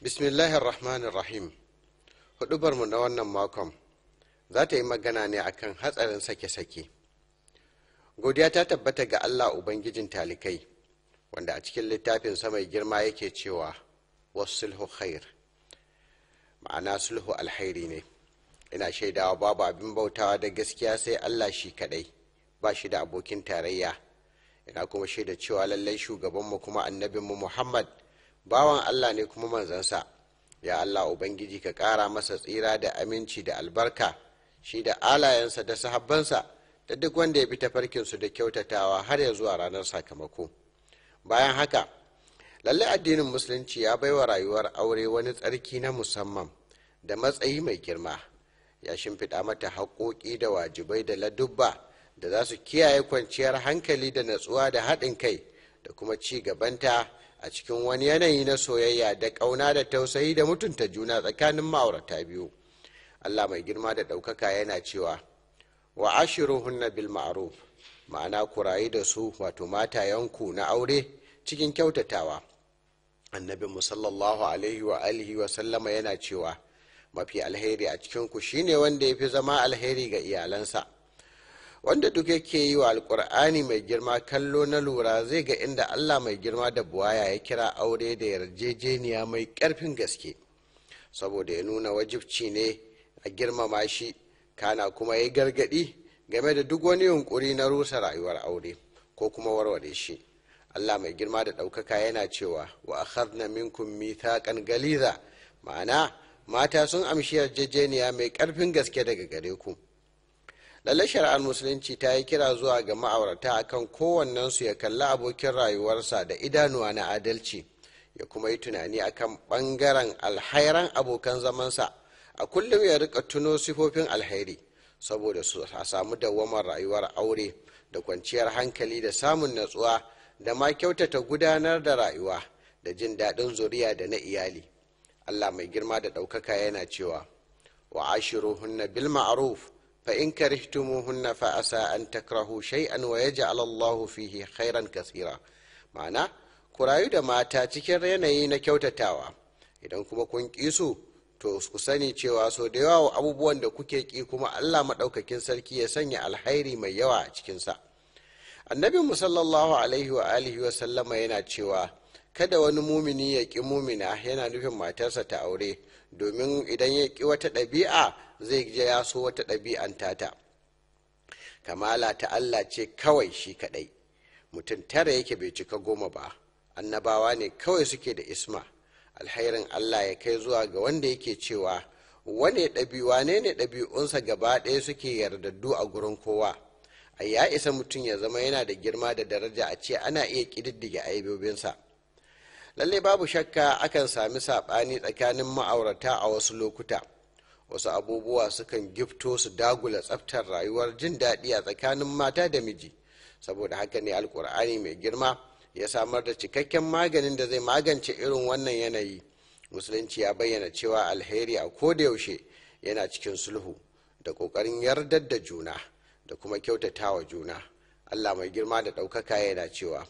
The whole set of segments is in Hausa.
bismillahir rahmanir rahim hudubarmu na wannan makon za ta yi magana ne akan hatsarin sake-sake godiya ta tabbata ga allah ubangijin talikai wanda a cikin littafin mai girma yake cewa wasu sulhu khair ma'ana sulhu alhairi ne ina shaidawa babu abin bautawa da gaskiya sai allah shi kadai ba shi da abokin tarayya ina kuma shaida cewa lallai shugabanmu kuma annabinmu muhammad bawan allah ne kuma manzansa ya allah ubangiji ka ƙara masa tsira da aminci da albarka shi da alayensa da sahabbansa da duk wanda ya bi tafarkinsu da kyautatawa har ya zuwa ranar sakamako bayan haka lalle addinin musulunci ya baiwa rayuwar aure wani tsarki na musamman da matsayi mai girma ya shimfiɗa mata haƙoƙi da wajibai da ladubba da za su kiyaye kwanciyar hankali da natsuwa da haɗin kai da kuma ci gabanta a cikin wani yanayi na soyayya da ƙauna da tausayi da mutunta juna tsakanin ma'aurata biyu allah mai girma da ɗaukaka yana cewa wa ashiruhunna bil ma'ruf ma'ana kurayi da su wato mata yanku na aure cikin kyautatawa annabi musallallahu alaihi wa alihi wa sallama yana cewa mafi alheri a cikin ku shine wanda ya fi zama alheri ga iyalansa wanda duk yake yi wa alkur'ani mai girma kallo na lura zai ga inda allah mai girma da buwaya ya kira aure da yarjejeniya mai karfin gaske saboda ya nuna wajibci ne a girmama shi kana kuma ya gargadi, game da duk wani yunkuri na rusa rayuwar aure ko kuma warware shi allah mai girma da ɗaukaka yana cewa wa akhadna minkum mithaqan galiza ma'ana mata sun amshi yarjejeniya mai karfin gaske daga gare ku lalle shari'ar musulunci ta yi kira zuwa ga ma'aurata akan kowannensu ya kalli abokin rayuwarsa da idanuwa na adalci ya kuma yi tunani akan bangaren alhairan abokan zamansa a kullum ya rika tuno sifofin alhairi saboda su a samu dawamar rayuwar aure da kwanciyar hankali da samun natsuwa da ma kyautata gudanar da rayuwa da jin daɗin zuriya da na iyali allah mai girma da ɗaukaka yana cewa wa ashiruhunna bil ma'ruf fa in karihtumuhunna fa asa an takrahu shay'an wa yaj'al Allahu fihi khairan kasira ma'ana ku rayu da mata cikin yanayi na kyautatawa idan kuma kun ki su to ku sani cewa so da yawa abubuwan da kuke ƙi kuma Allah maɗaukakin sarki ya sanya alhairi mai yawa a cikinsa annabin mu sallallahu alaihi wa alihi wa sallama yana cewa kada wani mumini ya ki mumina yana nufin matarsa ta aure domin idan ya ƙi wata ɗabi'a zai je ya so wata ɗabi'an tata kamala ta allah ce kawai shi kaɗai mutum tara yake bai cika goma ba annabawa ne kawai suke da isma alhairin allah ya kai zuwa ga wanda yake cewa wane ɗabi'u ne ne ɗabi'unsa gaba ɗaya suke yardaddu a gurin kowa a ya isa mutum ya zama yana da girma da daraja a ce ana iya ƙididdige aibobinsa lalle babu shakka akan sami saɓani tsakanin ma'aurata a wasu lokuta wasu abubuwa sukan gifto su dagula tsaftar rayuwar jin daɗi a tsakanin mata da miji saboda haka ne alkur'ani mai girma ya samar da cikakken maganin da zai magance irin wannan yanayi musulunci ya bayyana cewa alheri a ko da yaushe yana cikin sulhu da ƙoƙarin yardar da juna da kuma kyautatawa juna allah mai girma da ɗaukaka yana cewa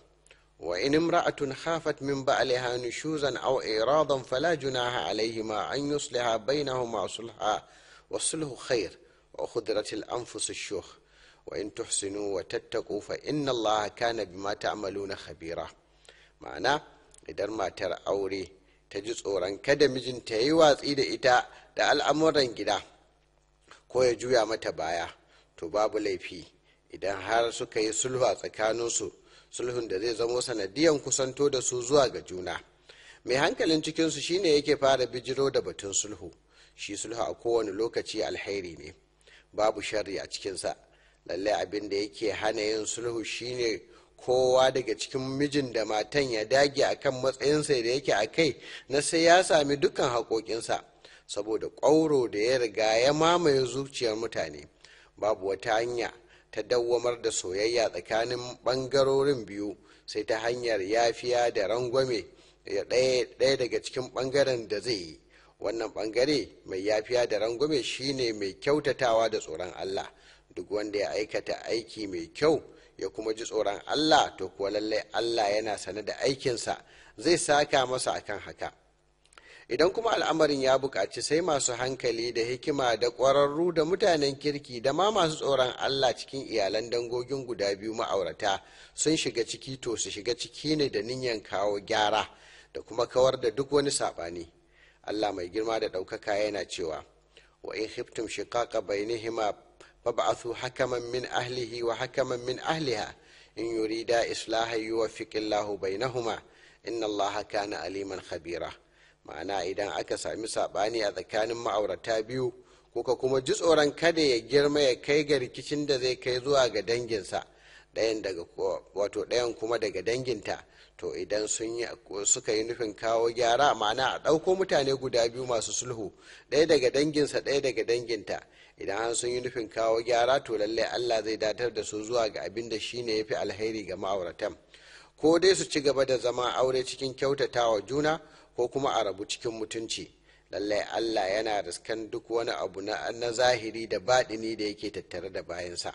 wa in imra'atun khafat min ba'liha nushuzan aw iradan fala junaha alaihima an yusliha bainahuma sulha wa sulhu khair wa khudrat al anfus wa in tuhsinu wa tattaqu fa inna allaha kana bima ta'maluna khabira ma'ana idan matar aure ta ji tsoron kada mijinta ya yi watsi da ita da al'amuran gida ko ya juya mata baya to babu laifi idan har suka yi sulhu a tsakaninsu sulhun da zai zamo sanadiyan kusanto da su zuwa ga juna mai hankalin cikinsu shine yake fara bijiro da batun sulhu shi sulhu a kowane lokaci alheri ne babu sharri a cikinsa lallai abin da yake hana yin sulhu shine kowa daga cikin mijin da matan ya dage a kan matsayinsa da yake a kai na sai ya sami dukkan haƙoƙinsa saboda ƙwauro da ya riga ya mamaye zuciyar mutane babu wata hanya ta dawwamar da soyayya tsakanin bangarorin biyu sai ta hanyar yafiya da rangwame ɗaya daga cikin ɓangaren da zai yi wannan bangare mai yafiya da rangwame shine mai kyautatawa da tsoron allah duk wanda ya aikata aiki mai kyau ya kuma ji tsoron allah to kuwa lallai allah yana sane da aikinsa zai saka masa akan haka idan kuma al'amarin ya buƙaci sai masu hankali da hikima da ƙwararru da mutanen kirki da ma masu tsoron allah cikin iyalan dangogin guda biyu ma'aurata sun shiga ciki to su shiga ciki ne da niyan kawo gyara da kuma kawar da duk wani saɓani allah mai girma da ɗaukaka yana cewa wa in khiftum shiqaqa bainihima fab'athu hakaman min ahlihi wa hakaman min ahliha in yurida islaha yuwaffiqillahu bainahuma inna allaha kana aliman khabira ma'ana idan aka sami saɓani a tsakanin ma'aurata biyu kuka kuma ji tsoron kada ya girma ya kai ga rikicin da zai kai zuwa ga danginsa ɗayan daga wato ɗayan kuma daga danginta to idan suka yi nufin kawo gyara ma'ana a ɗauko mutane guda biyu masu sulhu ɗaya daga danginsa ɗaya daga danginta idan an sun yi nufin kawo gyara to lallai allah zai datar da su zuwa ga abin da shine ya fi alheri ga ma'auratan ko dai su ci gaba da zama aure cikin kyautatawa juna ko kuma a rabu cikin mutunci lallai allah yana riskan duk wani abu na zahiri da baɗini da yake tattare da bayansa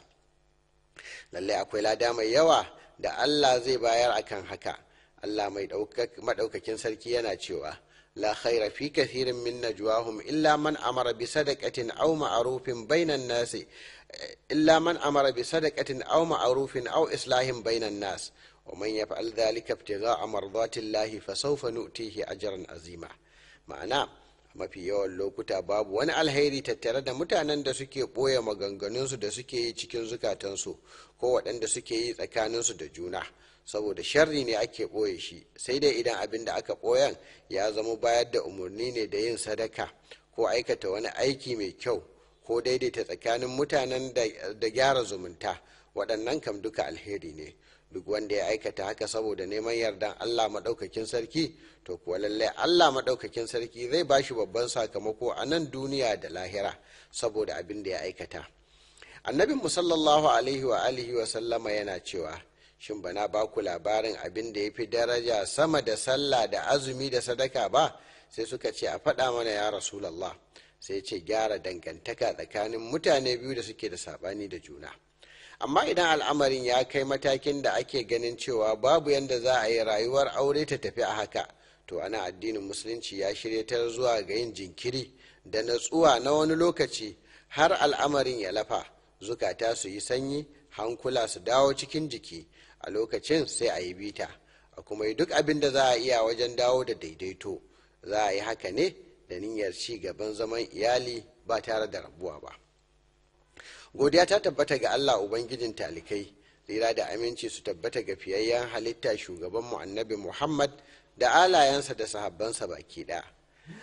lallai akwai lada mai yawa da allah zai bayar a kan haka allah mai maɗaukakin sarki yana cewa la khaira fi kathirin min najwahum illa man amara bi sadaqatin aw ma'rufin bainan nasi illa man amara bi sadaqatin aw ma'rufin au islahin bainan nas wa man yaf'al dhalika ibtigha'a mardatillahi fa sawfa nu'tihi ajran azima ma'ana mafi yawan lokuta babu wani alheri tattare da mutanen da suke ɓoye maganganunsu da suke yi cikin zukatansu ko waɗanda suke yi tsakaninsu da juna saboda sharri ne ake ɓoye shi sai dai idan abin da aka ɓoyan ya zama bayar da umarni ne da yin sadaka ko aikata wani aiki mai kyau ko daidaita tsakanin mutanen da gyara zumunta waɗannan kam duka alheri ne duk wanda ya aikata haka saboda neman yardan Allah maɗaukakin sarki to kuwa lallai Allah maɗaukakin sarki zai ba shi babban sakamako a nan duniya da lahira saboda abin da ya aikata annabin mu sallallahu alaihi wa alihi wa sallama yana cewa shin bana ba ku labarin abin da ya fi daraja sama da sallah da azumi da sadaka ba sai suka ce a faɗa mana ya rasulallah sai ce gyara dangantaka tsakanin mutane biyu da suke da saɓani da juna amma idan al'amarin ya kai matakin da ake ganin cewa babu yadda za a yi rayuwar aure ta tafi a haka to ana addinin musulunci ya shirya ta zuwa ga yin jinkiri da natsuwa na wani lokaci har al'amarin ya lafa zukata su yi sanyi hankula su dawo cikin jiki a lokacin sai a yi bita a kuma yi duk abin da za a iya wajen dawo da daidaito za a yi haka ne da niyyar ci gaban zaman iyali ba tare da rabuwa ba godiya ta tabbata ga allah ubangijin talikai tsira da aminci su tabbata ga fiyayyen halitta shugaban mu annabi muhammad da alayensa da sahabbansa baki ɗaya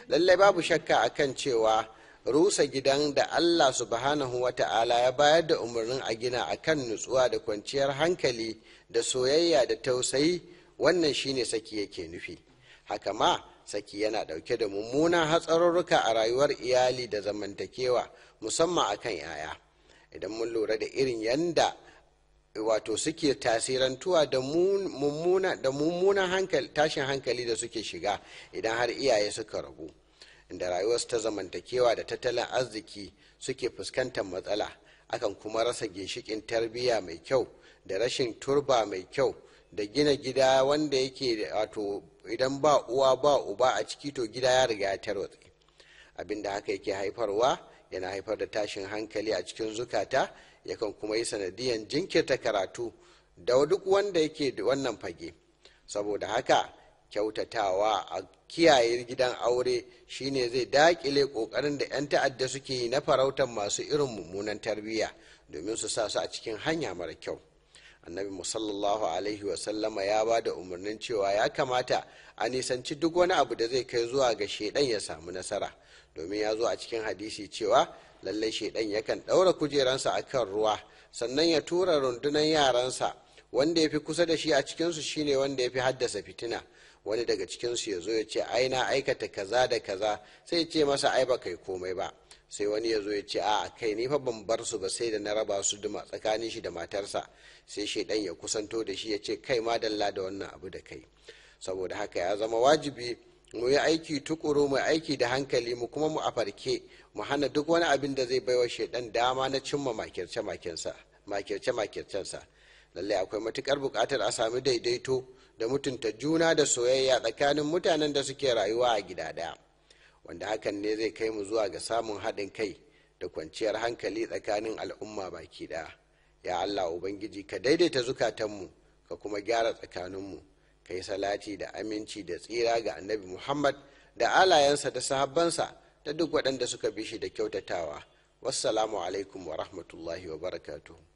lallai babu shakka akan cewa rusa gidan da allah subhanahu wa ta'ala ya bayar da umarnin a gina akan nutsuwa da kwanciyar hankali da soyayya da tausayi wannan shine saki yake nufi haka ma saki yana ɗauke da mummunan hatsarurruka a rayuwar iyali da zamantakewa musamman akan 'ya'ya idan mun lura da irin yanda wato suke tasirantuwa da mummunan tashin hankali da suke shiga idan har iyaye suka rabu da rayuwarsu ta zamantakewa da tattalin arziki suke fuskantar matsala akan kuma rasa ginshikin tarbiyya mai kyau da rashin turba mai kyau da gina gida wanda yake wato idan ba uwa ba uba a ciki to gida ya riga ya tarwatsa abin da haka yake haifarwa yana haifar da tashin hankali a cikin zukata yakan kuma yi sanadiyan jinkirta karatu da duk wanda yake da wannan fage saboda haka kyautatawa a kiyaye gidan aure shine zai dakile kokarin da 'yan ta'adda suke yi na farautan masu irin mummunan tarbiyya domin su sa su a cikin hanya mara kyau annabi musallallahu alaihi wasallama ya ba da umarnin cewa ya kamata a nisanci duk wani abu da zai kai zuwa ga shaidan ya samu nasara domin ya zo a cikin hadisi cewa lallai shaidan yakan ɗaura kujeransa a kan ruwa sannan ya tura rundunan yaransa wanda ya fi kusa da shi a cikinsu shine wanda ya fi haddasa fitina wani daga cikinsu ya zo ya ce aina aikata kaza da kaza sai ya ce masa ai ba kai komai ba sai wani ya zo ya ce a kai ne fa ban bar su ba sai da na raba su duma tsakanin shi da matarsa sai shaidan ya kusanto da shi ya ce kai ma dalla da wannan abu da kai saboda haka ya zama wajibi mu yi aiki tukuru mu aiki da hankali mu kuma mu afarke mu hana duk wani abin da zai baiwa shaidan dama na cimma makirce makircensa lallai akwai matukar bukatar a sami daidaito da mutunta juna da soyayya tsakanin mutanen da suke rayuwa a gida daya wanda hakan ne zai kai mu zuwa ga samun haɗin kai da kwanciyar hankali tsakanin al'umma baki ɗaya ya allah ubangiji ka daidaita zukatanmu ka kuma gyara tsakaninmu ka yi salati da aminci da tsira ga annabi muhammad da alayensa da sahabbansa da duk waɗanda suka bi shi da kyautatawa wassalamu alaikum wa rahmatullahi wa barakatuhu